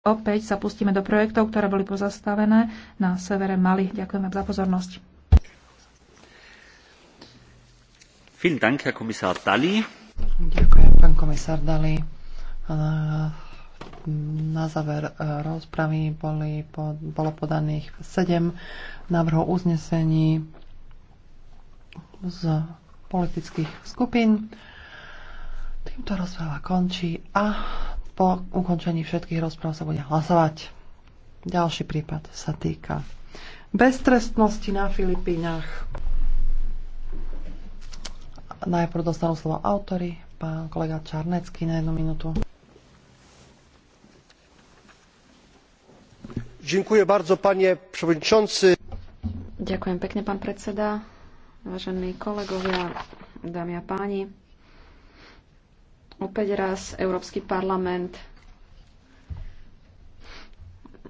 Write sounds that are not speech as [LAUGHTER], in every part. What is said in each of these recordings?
opäť sa pustíme do projektov, ktoré boli pozastavené na severe Mali. Ďakujem za pozornosť. Ďakujem, pán komisár Dali. Na záver eh, rozpravy boli, bolo podaných 7 návrhov uznesení z politických skupín. Týmto rozpráva končí a po ukončení všetkých rozpráv sa bude hlasovať. Ďalší prípad sa týka beztrestnosti na Filipínach. Najprv dostanú slovo autory, pán kolega Čarnecký na jednu minútu. Dziękuję bardzo, panie przewodniczący. Ďakujem pekne, pán predseda, vážení kolegovia, dámy a páni. Opäť raz Európsky parlament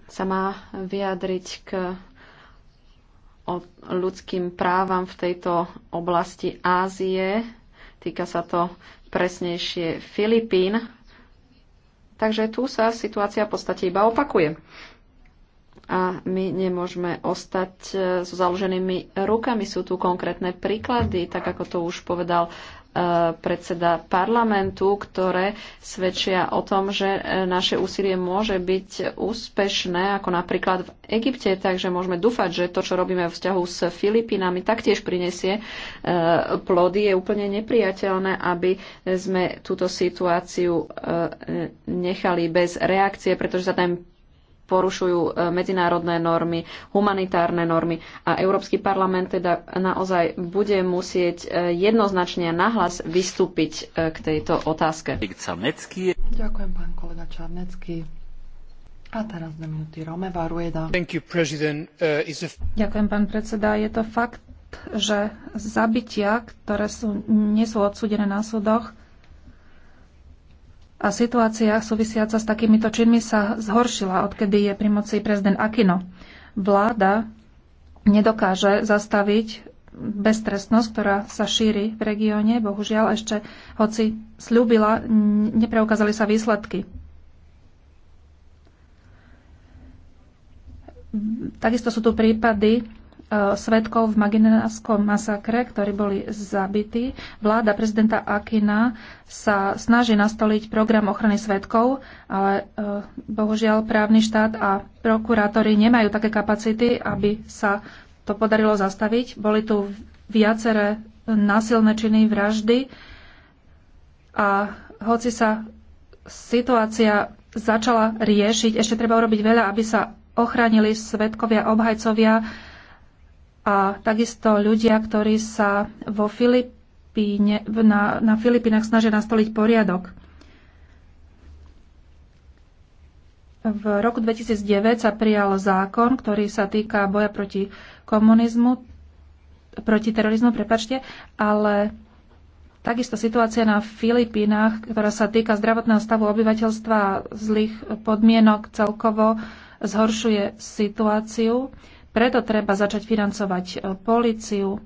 sa má vyjadriť k ľudským právam v tejto oblasti Ázie. Týka sa to presnejšie Filipín. Takže tu sa situácia v podstate iba opakuje. A my nemôžeme ostať eh, so založenými rukami. Sú tu konkrétne príklady, tak ako to už povedal E, predseda parlamentu, ktoré svedčia o tom, že e, naše úsilie môže byť úspešné, ako napríklad v Egypte, takže môžeme dúfať, že to, čo robíme v vzťahu s Filipínami, taktiež prinesie e, plody. Je úplne nepriateľné, aby sme túto situáciu nechali bez reakcie, pretože sa ten porušujú e, medzinárodné normy, humanitárne normy a Európsky parlament teda naozaj bude musieť e, jednoznačne nahlas vystúpiť e, k tejto otázke. Ďakujem, pán kolega Čarnecký. A teraz na minúty Rome Rueda. Uh, Ďakujem, pán predseda. Je to fakt, že zabitia, ktoré sú, nie sú odsúdené na súdoch, a situácia súvisiaca s takýmito činmi sa zhoršila, odkedy je pri moci prezident Akino. Vláda nedokáže zastaviť beztrestnosť, ktorá sa šíri v regióne. Bohužiaľ, ešte hoci slúbila, nepreukázali sa výsledky. Takisto sú tu prípady Eh, svetkov v Maginenavskom masakre, ktorí boli zabití. Vláda prezidenta Akina sa snaží nastoliť program ochrany svetkov, ale eh, bohužiaľ právny štát a prokurátori nemajú také kapacity, aby sa to podarilo zastaviť. Boli tu viaceré násilné činy vraždy a hoci sa situácia začala riešiť, ešte treba urobiť veľa, aby sa ochránili svetkovia, obhajcovia, a takisto ľudia, ktorí sa vo Filipíne, na, na Filipínach snažia nastoliť poriadok. V roku 2009 sa prijal zákon, ktorý sa týka boja proti komunizmu, proti terorizmu, prepačte, ale takisto situácia na Filipínach, ktorá sa týka zdravotného stavu obyvateľstva a zlých podmienok celkovo, zhoršuje situáciu. Preto treba začať financovať e, políciu,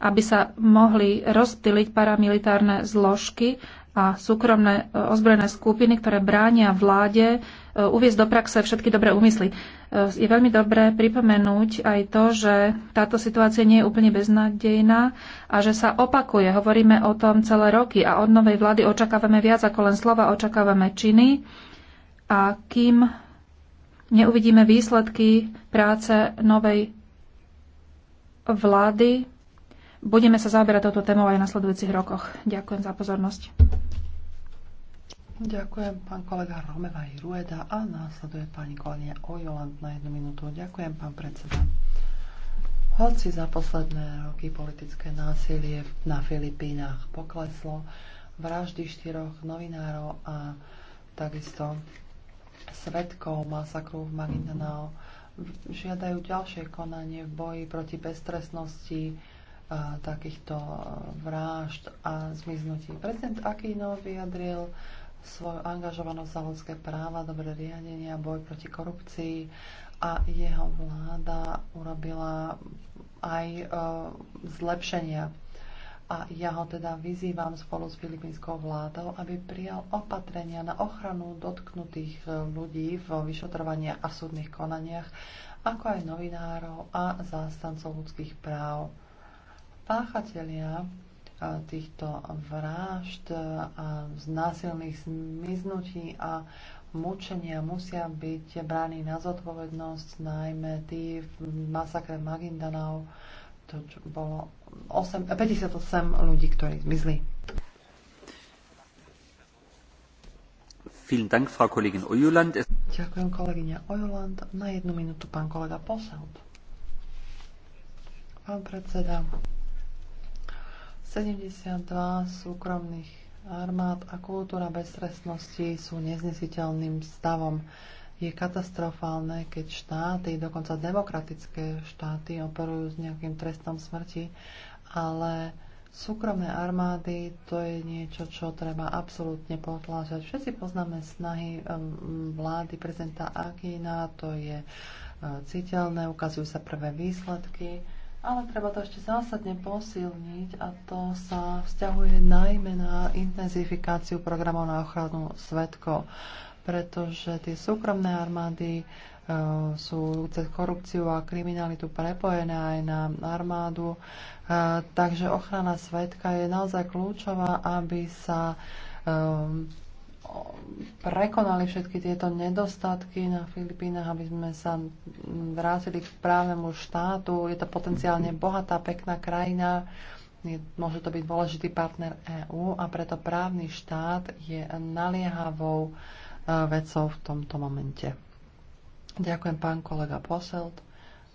aby sa mohli rozptýliť paramilitárne zložky a súkromné e, ozbrojené skupiny, ktoré bránia vláde e, uviezť do praxe všetky dobré úmysly. Je veľmi dobré pripomenúť aj to, že táto situácia nie je úplne beznádejná a že sa opakuje. Hovoríme o tom celé roky a od novej vlády očakávame viac ako len slova, očakávame činy. A kým neuvidíme výsledky práce novej vlády. Budeme sa zaoberať touto témou aj v nasledujúcich rokoch. Ďakujem za pozornosť. Ďakujem pán kolega Romeva Rueda a následuje pani kolegyňa Ojoland na jednu minútu. Ďakujem pán predseda. Hoci za posledné roky politické násilie na Filipínach pokleslo, vraždy štyroch novinárov a takisto svetkov masakru v Magindanao. Žiadajú ďalšie konanie v boji proti beztrestnosti a, e, takýchto e, vražd a zmiznutí. Prezident Aquino vyjadril svoju angažovanosť za ľudské práva, dobré riadenie a boj proti korupcii a jeho vláda urobila aj e, zlepšenia a ja ho teda vyzývam spolu s filipínskou vládou, aby prijal opatrenia na ochranu dotknutých e, ľudí v vyšetrovania a súdnych konaniach, ako aj novinárov a zástancov ľudských práv. Páchatelia e, týchto vražd e, a znásilných zmiznutí a mučenia musia byť bráni na zodpovednosť, najmä tí v masakre Magindanov, to čo bolo 8, 58 eh, ľudí, ktorí zmizli. Dank, Frau Kollegin Ojuland. Ďakujem kolegyňa Ojuland. Na jednu minútu pán kolega Poselt. Pán predseda, 72 súkromných armád a kultúra beztrestnosti sú neznesiteľným stavom je katastrofálne, keď štáty, dokonca demokratické štáty, operujú s nejakým trestom smrti, ale súkromné armády to je niečo, čo treba absolútne potláčať. Všetci poznáme snahy ehm, vlády prezidenta Akina, to je ehm, citeľné, ukazujú sa prvé výsledky, ale treba to ešte zásadne posilniť a to sa vzťahuje najmä na intenzifikáciu programov na ochranu svetkov pretože tie súkromné armády e, sú cez korupciu a kriminalitu prepojené aj na armádu. E, takže ochrana svetka je naozaj kľúčová, aby sa e, prekonali všetky tieto nedostatky na Filipínach, aby sme sa vrátili k právnemu štátu. Je to potenciálne bohatá, pekná krajina, je, môže to byť dôležitý partner EÚ a preto právny štát je naliehavou uh, vecou v tomto momente. Ďakujem pán kolega Poselt.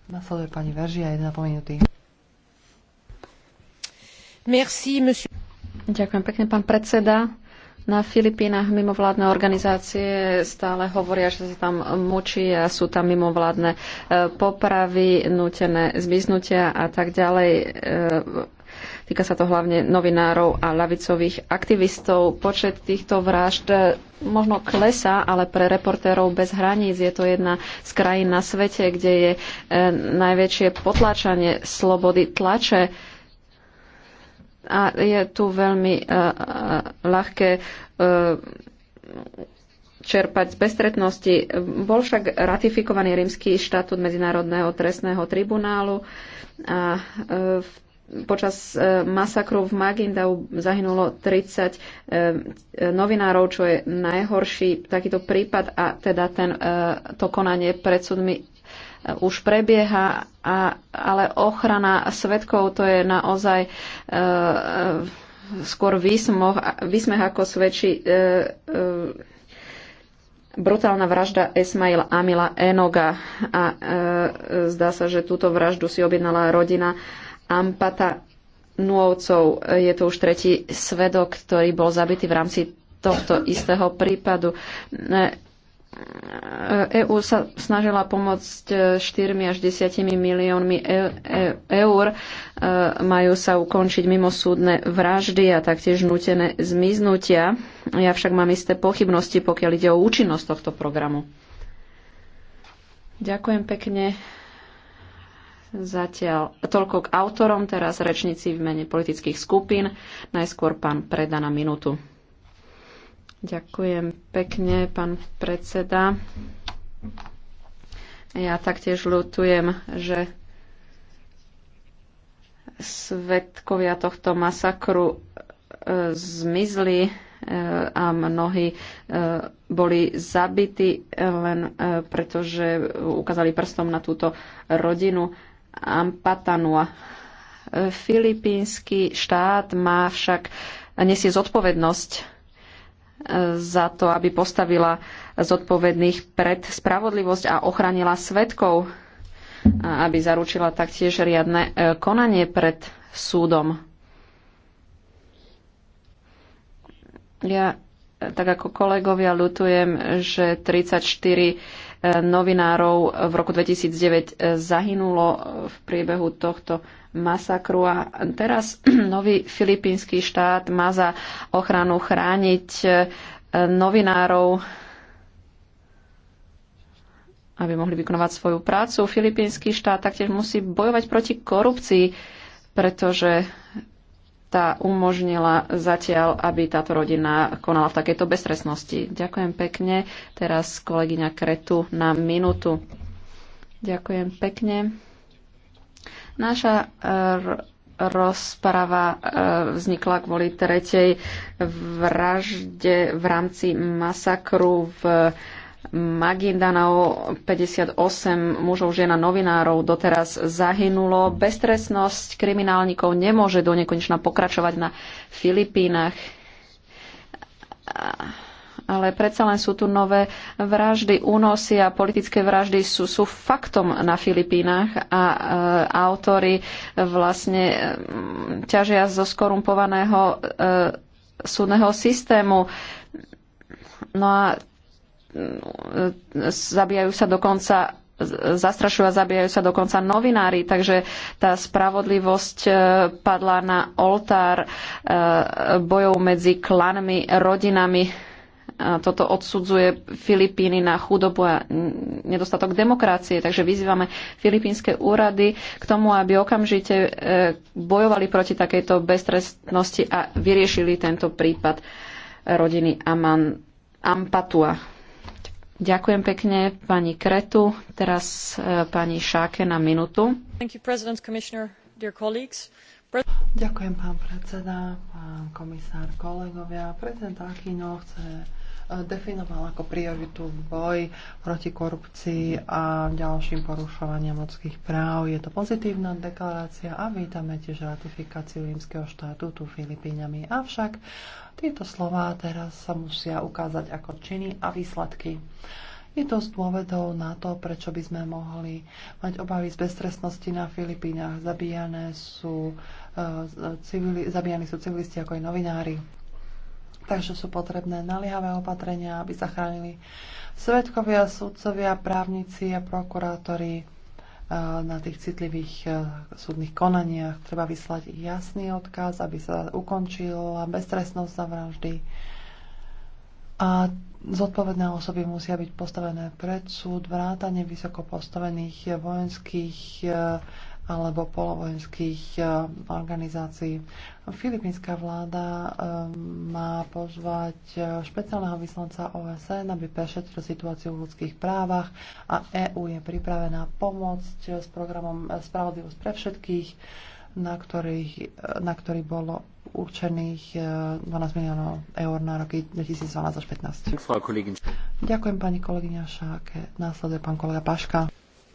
Nasleduje pani Veržia, po minúty. Merci, monsieur. Ďakujem pekne, pán predseda. Na Filipínach mimovládne organizácie stále hovoria, že sa tam mučí a sú tam mimovládne e, popravy, nutené zmiznutia a tak ďalej e, Týka sa to hlavne novinárov a lavicových aktivistov. Počet týchto vražd eh, možno klesá, ale pre reportérov bez hraníc je to jedna z krajín na svete, kde je eh, najväčšie potláčanie slobody tlače. A je tu veľmi uh, ľahké uh, čerpať z bestretnosti. Bol však ratifikovaný rímsky štatút Medzinárodného trestného tribunálu a v počas e, masakru v Magindau zahynulo 30 e, novinárov, čo je najhorší takýto prípad a teda ten, e, to konanie pred súdmi už prebieha, a, ale ochrana svetkov to je naozaj skôr výsmoh, ako svedčí brutálna vražda Esmaila Amila Enoga a e, zdá sa, že túto vraždu si objednala rodina e, Ampata Nuovcov. Je to už tretí svedok, ktorý bol zabitý v rámci tohto istého prípadu. EÚ sa snažila pomôcť 4 až 10 miliónmi eur. Majú sa ukončiť mimosúdne vraždy a taktiež nutené zmiznutia. Ja však mám isté pochybnosti, pokiaľ ide o účinnosť tohto programu. Ďakujem pekne. Zatiaľ toľko k autorom, teraz rečníci v mene politických skupín. Najskôr pán Preda na minútu. Ďakujem pekne, pán predseda. Ja taktiež ľutujem, že svetkovia tohto masakru e, zmizli e, a mnohí e, boli zabity len e, pretože ukázali prstom na túto rodinu. E, Ampatanua. Filipínsky štát má však nesie zodpovednosť e, za to, aby postavila zodpovedných pred spravodlivosť a ochránila svetkov, aby zaručila taktiež riadne e, konanie pred súdom. Ja, e, tak ako kolegovia, ľutujem, že 34 novinárov v roku 2009 zahynulo v priebehu tohto masakru a teraz [CLEARS THROAT] nový filipínsky štát má za ochranu chrániť e, novinárov aby mohli vykonovať svoju prácu. Filipínsky štát taktiež musí bojovať proti korupcii, pretože tá umožnila zatiaľ, aby táto rodina konala v takejto bezstresnosti. Ďakujem pekne. Teraz kolegyňa Kretu na minútu. Ďakujem pekne. Naša eh, rozprava eh, vznikla kvôli tretej vražde v rámci masakru v Magindanao, 58 mužov, žena, novinárov doteraz zahynulo. Bestresnosť kriminálnikov nemôže do nekonečna pokračovať na Filipínach. Ale predsa len sú tu nové vraždy, únosy a politické vraždy sú, sú faktom na Filipínach a e, autory vlastne e, ťažia zo skorumpovaného e, súdneho systému. No a zabíjajú sa dokonca zastrašujú a zabijajú sa dokonca novinári, takže tá spravodlivosť e, padla na oltár e, bojov medzi klanmi, rodinami. Toto odsudzuje Filipíny na chudobu a nedostatok demokracie, takže vyzývame filipínske úrady k tomu, aby okamžite e, bojovali proti takejto beztrestnosti a vyriešili tento prípad rodiny Aman Ampatua. Ďakujem pekne pani Kretu. Teraz e, pani Šáke na minútu. Ďakujem, pán predseda, pán komisár, kolegovia. Prezident akino chce definoval ako prioritu boj proti korupcii a ďalším porušovaniam ľudských práv. Je to pozitívna deklarácia a vítame tiež ratifikáciu rímskeho štátu tu Filipíňami. Avšak tieto slová teraz sa musia ukázať ako činy a výsledky. Je to z dôvedov na to, prečo by sme mohli mať obavy z beztrestnosti na Filipínach. Zabíjane sú, e, civili, zabíjani sú civilisti ako aj novinári Takže sú potrebné naliehavé opatrenia, aby zachránili svetkovia, sudcovia, právnici a prokurátori eh, na tých citlivých eh, súdnych konaniach. Treba vyslať jasný odkaz, aby sa ukončila beztrestnosť za vraždy. A zodpovedné osoby musia byť postavené pred súd, vrátane vysoko postavených vojenských eh, alebo polovojenských eh, organizácií. Filipínska vláda eh, má pozvať eh, špeciálneho vyslanca OSN, aby prešetril situáciu v ľudských právach a EÚ je pripravená pomôcť s programom Spravodlivosť pre všetkých, na, ktorých, na ktorý bolo určených 12 miliónov eur na roky 2012 až 2015. Ďakujem pani kolegyňa Šáke. Následuje pán kolega Paška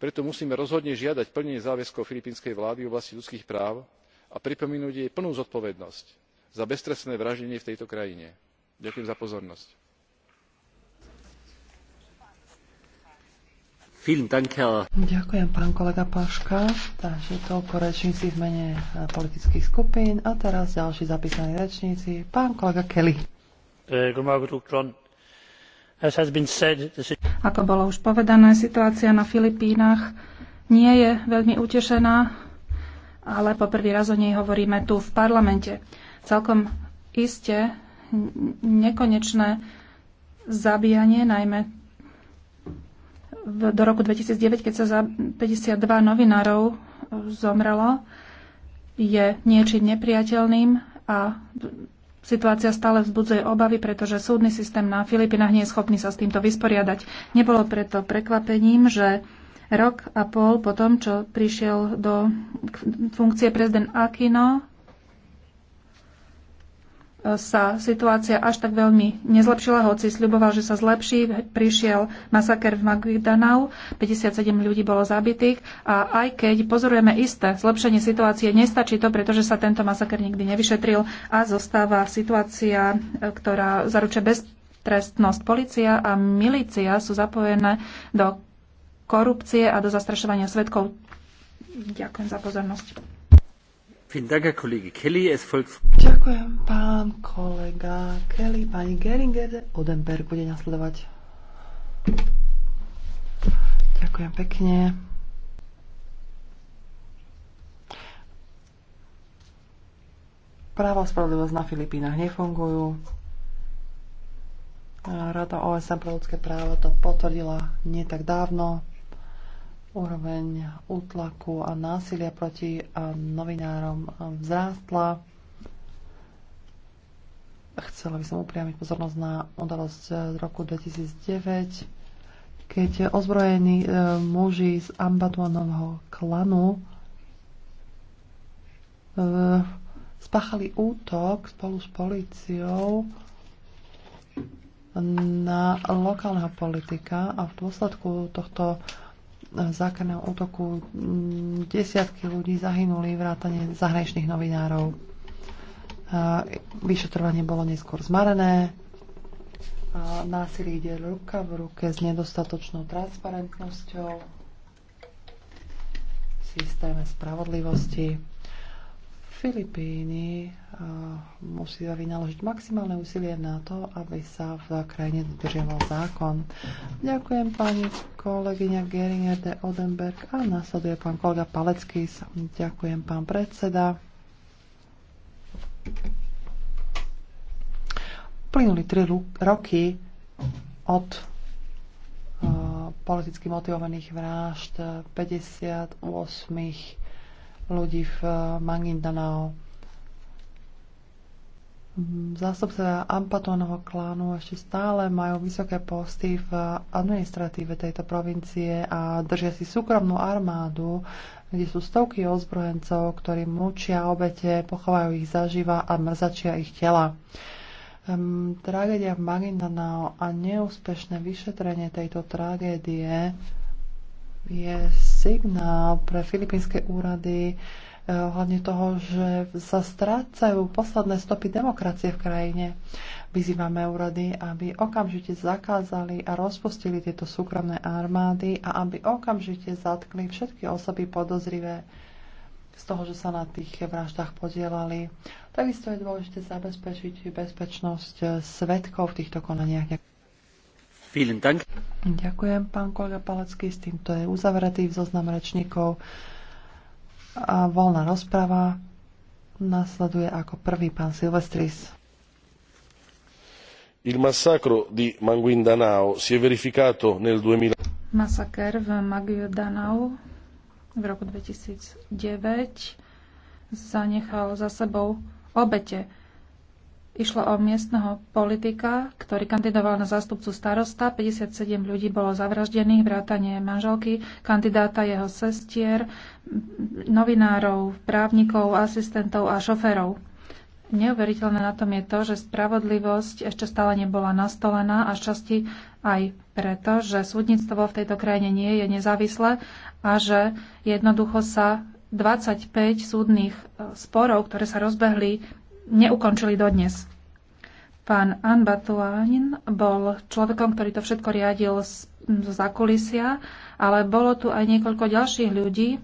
preto musíme rozhodne žiadať plnenie záväzkov filipínskej vlády v oblasti ľudských práv a pripomenúť jej plnú zodpovednosť za beztrestné vraždenie v tejto krajine. ďakujem za pozornosť. Ďakujem, pán kolega Paška. Takže toľko rečníci v mene eh, politických skupín. A teraz ďalší zapísaní rečníci. Pán kolega Kelly. Eh, ako bolo už povedané, situácia na Filipínach nie je veľmi utešená, ale poprvý raz o nej hovoríme tu v parlamente. Celkom iste nekonečné zabíjanie, najmä do roku 2009, keď sa za 52 novinárov zomrelo, je niečím nepriateľným a Situácia stále vzbudzuje obavy, pretože súdny systém na Filipinách nie je schopný sa s týmto vysporiadať. Nebolo preto prekvapením, že rok a pol potom, čo prišiel do funkcie prezident Aquino, sa situácia až tak veľmi nezlepšila, hoci sľuboval, že sa zlepší. Prišiel masaker v Magdanau, 57 ľudí bolo zabitých a aj keď pozorujeme isté zlepšenie situácie, nestačí to, pretože sa tento masaker nikdy nevyšetril a zostáva situácia, e, ktorá zaručuje beztrestnosť. Polícia a milícia sú zapojené do korupcie a do zastrašovania svetkov. Ďakujem za pozornosť. Ďakujem, pán kolega Kelly. Pani Geringer Odenberg bude nasledovať. Ďakujem pekne. Práva spravodlivosť na Filipínach nefungujú. Rada OSN pre ľudské práva to potvrdila nie tak dávno. Úroveň útlaku a násilia proti novinárom vzrástla. Chcela by som upriamiť pozornosť na udalosť z roku 2009, keď ozbrojení e, muži z Ambatuanovho klanu e, spáchali útok spolu s policiou na lokálneho politika a v dôsledku tohto zákerného útoku. Desiatky ľudí zahynuli, vrátane zahraničných novinárov. Vyšetrovanie bolo neskôr zmarené. Násilie ide ruka v ruke s nedostatočnou transparentnosťou v systéme spravodlivosti. Filipíny eh, musia vynaložiť maximálne úsilie na to, aby sa v krajine dodržiaval zákon. Ďakujem pani kolegyňa Geringer de Odenberg a nasleduje pán kolega Palecký. Ďakujem pán predseda. Plynuli tri roky od eh, politicky motivovaných vražd 58 eh, ľudí v eh, Mangindanao. Zástupce Ampatónovho klánu ešte stále majú vysoké posty v administratíve tejto provincie a držia si súkromnú armádu, kde sú stovky ozbrojencov, ktorí mučia obete, pochovajú ich zaživa a mrzačia ich tela. tragédia v Magindanao a neúspešné vyšetrenie tejto tragédie je signál pre filipínske úrady eh, hlavne toho, že sa strácajú posledné stopy demokracie v krajine. Vyzývame úrady, aby okamžite zakázali a rozpustili tieto súkromné armády a aby okamžite zatkli všetky osoby podozrivé z toho, že sa na tých vraždách podielali. Takisto je dôležité zabezpečiť bezpečnosť eh, svetkov v týchto konaniach. Ďakujem, pán kolega Palacký S týmto je uzavretý zoznam rečníkov. A voľná rozprava nasleduje ako prvý pán Silvestris. Il massacro di Manguindanao si è verificato nel 2000. Masaker v Maguindanao v roku 2009 zanechal za sebou obete. Išlo o miestneho politika, ktorý kandidoval na zástupcu starosta. 57 ľudí bolo zavraždených, vrátanie manželky, kandidáta jeho sestier, novinárov, právnikov, asistentov a šoférov. Neuveriteľné na tom je to, že spravodlivosť ešte stále nebola nastolená a časti aj preto, že súdnictvo v tejto krajine nie je nezávislé a že jednoducho sa 25 súdnych e, sporov, ktoré sa rozbehli neukončili dodnes. Pán Anbatuánin bol človekom, ktorý to všetko riadil z, zo zákulisia, ale bolo tu aj niekoľko ďalších ľudí.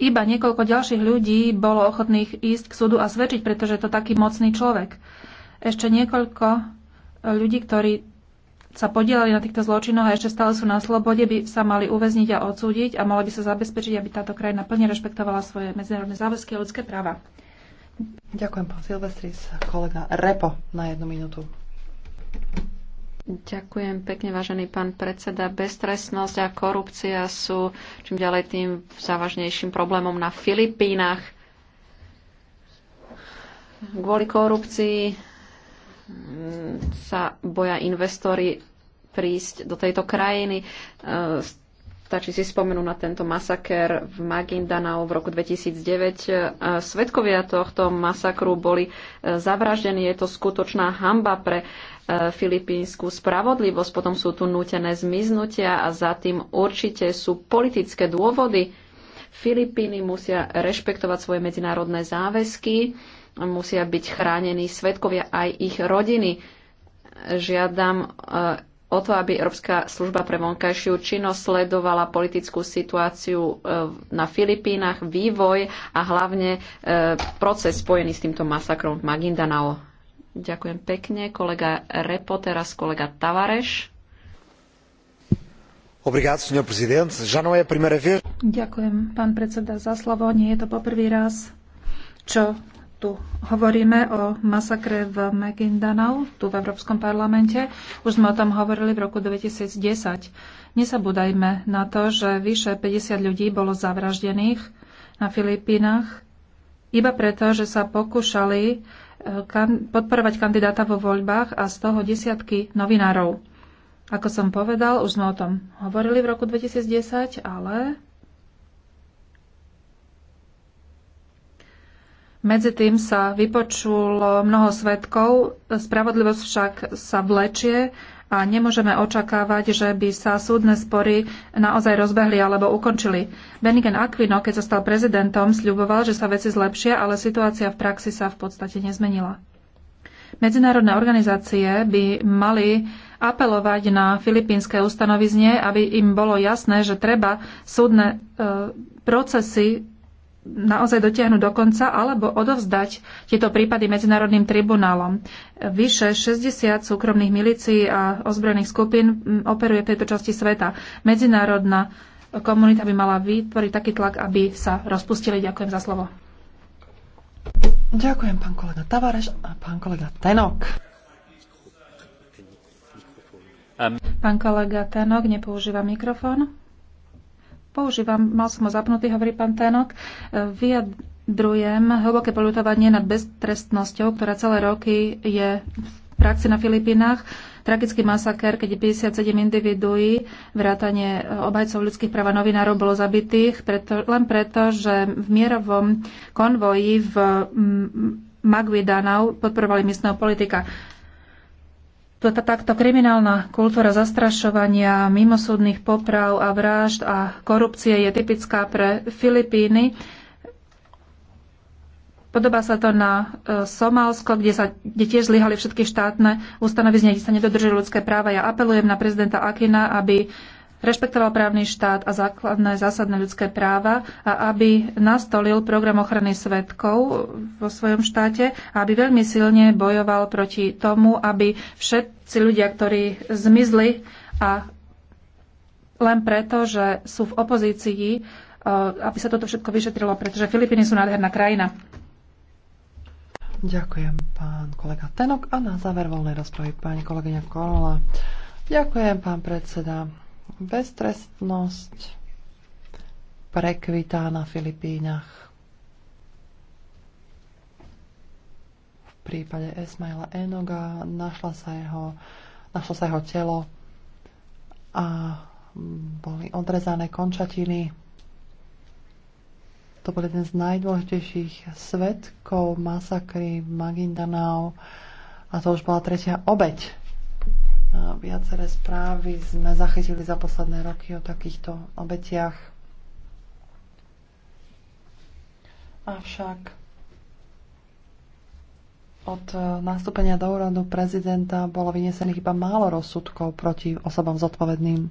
Iba niekoľko ďalších ľudí bolo ochotných ísť k súdu a svedčiť, pretože je to taký mocný človek. Ešte niekoľko ľudí, ktorí sa podielali na týchto zločinoch a ešte stále sú na slobode, by sa mali uväzniť a odsúdiť a mali by sa zabezpečiť, aby táto krajina plne rešpektovala svoje medzinárodné záväzky a ľudské práva. Ďakujem, pán Silvestris. Kolega Repo na jednu minútu. Ďakujem pekne, vážený pán predseda. Bestresnosť a korupcia sú čím ďalej tým závažnejším problémom na Filipínach. Kvôli korupcii mm, sa boja investori prísť do tejto krajiny. E, Stačí si spomenúť na tento masaker v Magindanao v roku 2009. E, Svedkovia tohto masakru boli e, zavraždení. Je to skutočná hamba pre e, filipínsku spravodlivosť. Potom sú tu nútené zmiznutia a za tým určite sú politické dôvody. Filipíny musia rešpektovať svoje medzinárodné záväzky, musia byť chránení svetkovia aj ich rodiny. Žiadam o to, aby Európska služba pre vonkajšiu činnosť sledovala politickú situáciu e, na Filipínach, vývoj a hlavne e, proces spojený s týmto masakrom v Magindanao. Ďakujem pekne. Kolega Repo, teraz kolega Tavareš. Ďakujem, pán predseda, za slovo. Nie je to poprvý raz, čo tu hovoríme o masakre v Megindanau, tu v Európskom parlamente. Už sme o tom hovorili v roku 2010. Nezabúdajme na to, že vyše 50 ľudí bolo zavraždených na Filipínach iba preto, že sa pokúšali e, podporovať kandidáta vo voľbách a z toho desiatky novinárov. Ako som povedal, už sme o tom hovorili v roku 2010, ale Medzi tým sa vypočulo mnoho svetkov, spravodlivosť však sa vlečie a nemôžeme očakávať, že by sa súdne spory naozaj rozbehli alebo ukončili. Benigen Aquino, keď sa stal prezidentom, sľuboval, že sa veci zlepšia, ale situácia v praxi sa v podstate nezmenila. Medzinárodné organizácie by mali apelovať na filipínske ustanovizne, aby im bolo jasné, že treba súdne e, procesy naozaj dotiahnuť do konca alebo odovzdať tieto prípady medzinárodným tribunálom. Vyše 60 súkromných milícií a ozbrojených skupín operuje v tejto časti sveta. Medzinárodná komunita by mala vytvoriť taký tlak, aby sa rozpustili. Ďakujem za slovo. Ďakujem, pán kolega Tavareš a pán kolega Tenok. Pán kolega Tenok nepoužíva mikrofón používam, mal som ho zapnutý, hovorí pán Tenok, vyjadrujem hlboké polutovanie nad beztrestnosťou, ktorá celé roky je v praxi na Filipínach. Tragický masaker, keď 57 individuí, vrátanie obhajcov ľudských práv a novinárov bolo zabitých, preto, len preto, že v mierovom konvoji v mm, Magvidanau podporovali miestneho politika. Takto kriminálna kultúra zastrašovania, mimosúdnych poprav a vražd a korupcie je typická pre Filipíny. Podobá sa to na e, Somálsko, kde, sa, kde tiež zlyhali všetky štátne ustanovy, kde sa nedodržujú ľudské práva. Ja apelujem na prezidenta Akina, aby rešpektoval právny štát a základné zásadné ľudské práva a aby nastolil program ochrany svetkov vo svojom štáte a aby veľmi silne bojoval proti tomu, aby všetci ľudia, ktorí zmizli a len preto, že sú v opozícii, e, aby sa toto všetko vyšetrilo, pretože Filipíny sú nádherná krajina. Ďakujem, pán kolega Tenok. A na záver voľnej rozpravy pani kolegyňa Korola. Ďakujem, pán predseda. Beztrestnosť prekvitá na Filipínach. V prípade Esmaila Enoga našla sa jeho, našlo sa jeho telo a boli odrezané končatiny. To bol jeden z najdôležitejších svetkov masakry v Magindanao a to už bola tretia obeď Viaceré správy sme zachytili za posledné roky o takýchto obetiach. Avšak od e, nastúpenia do úradu prezidenta bolo vynesených iba málo rozsudkov proti osobám zodpovedným.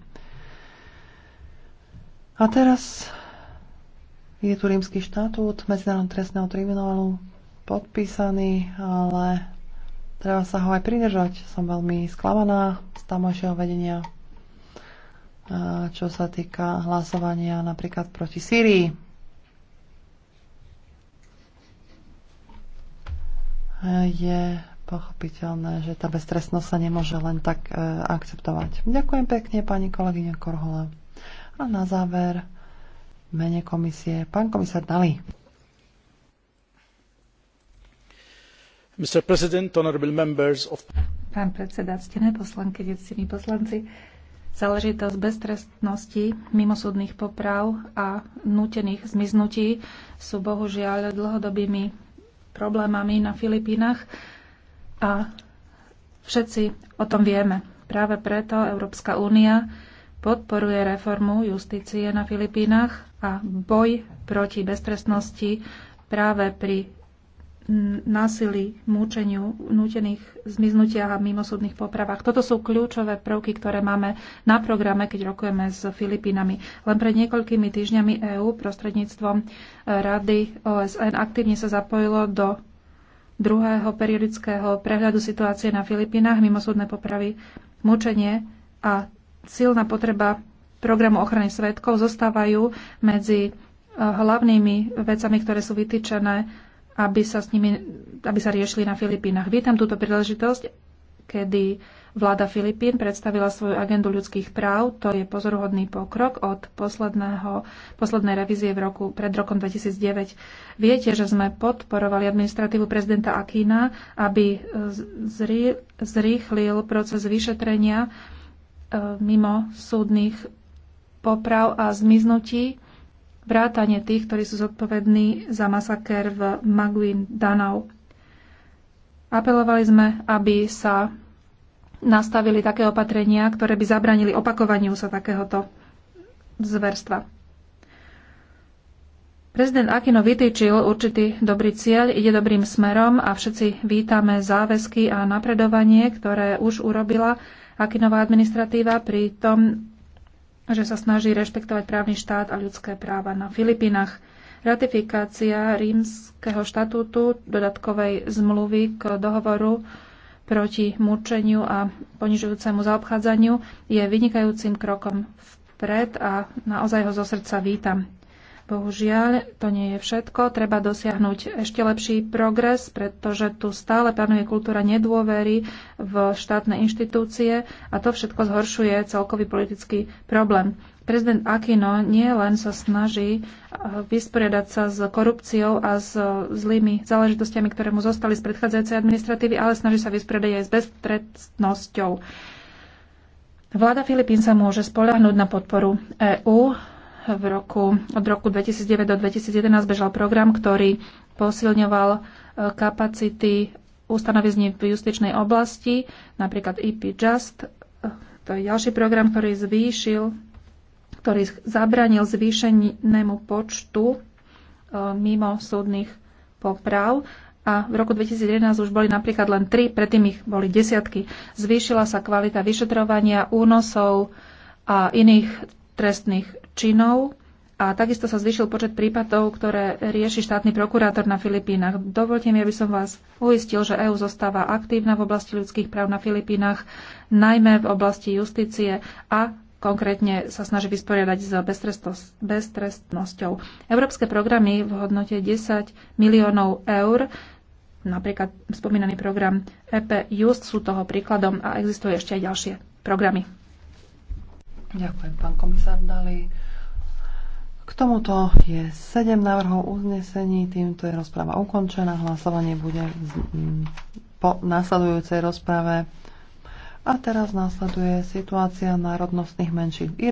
A teraz je tu rímsky štatút Medzinárodného trestného tribunálu podpísaný, ale Treba sa ho aj pridržať. Som veľmi sklamaná z tamojšieho vedenia, čo sa týka hlasovania napríklad proti Syrii. Je pochopiteľné, že tá bestresnosť sa nemôže len tak e, akceptovať. Ďakujem pekne, pani kolegyňa Korhola. A na záver, mene komisie, pán komisár Dali. Pán predseda, ctené poslanky, ctení poslanci, záležitosť beztrestnosti, mimosúdnych poprav a nútených zmiznutí sú bohužiaľ dlhodobými problémami na Filipínach a všetci o tom vieme. Práve preto Európska únia podporuje reformu justície na Filipínach a boj proti beztrestnosti práve pri násilí, múčeniu, nútených zmiznutiach a mimosúdnych popravách. Toto sú kľúčové prvky, ktoré máme na programe, keď rokujeme s Filipínami. Len pred niekoľkými týždňami EÚ prostredníctvom eh, Rady OSN aktívne sa zapojilo do druhého periodického prehľadu situácie na Filipínach, mimosúdne popravy, mučenie a silná potreba programu ochrany svetkov zostávajú medzi eh, hlavnými vecami, ktoré sú vytýčené aby sa, s nimi, aby sa riešili na Filipínach. Vítam túto príležitosť, kedy vláda Filipín predstavila svoju agendu ľudských práv. To je pozoruhodný pokrok od poslednej revízie v roku, pred rokom 2009. Viete, že sme podporovali administratívu prezidenta Akína, aby zri, zrýchlil proces vyšetrenia e, mimo súdnych poprav a zmiznutí vrátane tých, ktorí sú zodpovední za masaker v Maguin Danau. Apelovali sme, aby sa nastavili také opatrenia, ktoré by zabranili opakovaniu sa takéhoto zverstva. Prezident Akino vytýčil určitý dobrý cieľ, ide dobrým smerom a všetci vítame záväzky a napredovanie, ktoré už urobila Akinová administratíva pri tom, že sa snaží rešpektovať právny štát a ľudské práva na Filipínach. Ratifikácia rímskeho štatútu, dodatkovej zmluvy k dohovoru proti mučeniu a ponižujúcemu zaobchádzaniu je vynikajúcim krokom vpred a naozaj ho zo srdca vítam. Bohužiaľ, to nie je všetko. Treba dosiahnuť ešte lepší progres, pretože tu stále panuje kultúra nedôvery v štátne inštitúcie a to všetko zhoršuje celkový politický problém. Prezident Aquino nie len sa snaží eh, vysporiadať sa s korupciou a s eh, zlými záležitostiami, ktoré mu zostali z predchádzajúcej administratívy, ale snaží sa vysporiadať aj s beztrestnosťou. Vláda Filipín sa môže spolahnúť na podporu EÚ v roku, od roku 2009 do 2011 bežal program, ktorý posilňoval e, kapacity ustanovizní v justičnej oblasti, napríklad EP Just. E, to je ďalší program, ktorý zvýšil, ktorý zabranil zvýšenému počtu e, mimo súdnych poprav. A v roku 2011 už boli napríklad len tri, predtým ich boli desiatky. Zvýšila sa kvalita vyšetrovania únosov a iných trestných činov a takisto sa zvyšil počet prípadov, ktoré rieši štátny prokurátor na Filipínach. Dovolte mi, aby som vás uistil, že EÚ zostáva aktívna v oblasti ľudských práv na Filipínach, najmä v oblasti justície a konkrétne sa snaží vysporiadať s beztrestnosťou. Európske programy v hodnote 10 miliónov eur napríklad spomínaný program EP Just sú toho príkladom a existujú ešte aj ďalšie programy. Ďakujem, pán komisár Dali. K tomuto je 7 návrhov uznesení, týmto je rozpráva ukončená, hlasovanie bude po následujúcej rozprave. A teraz následuje situácia národnostných menšín.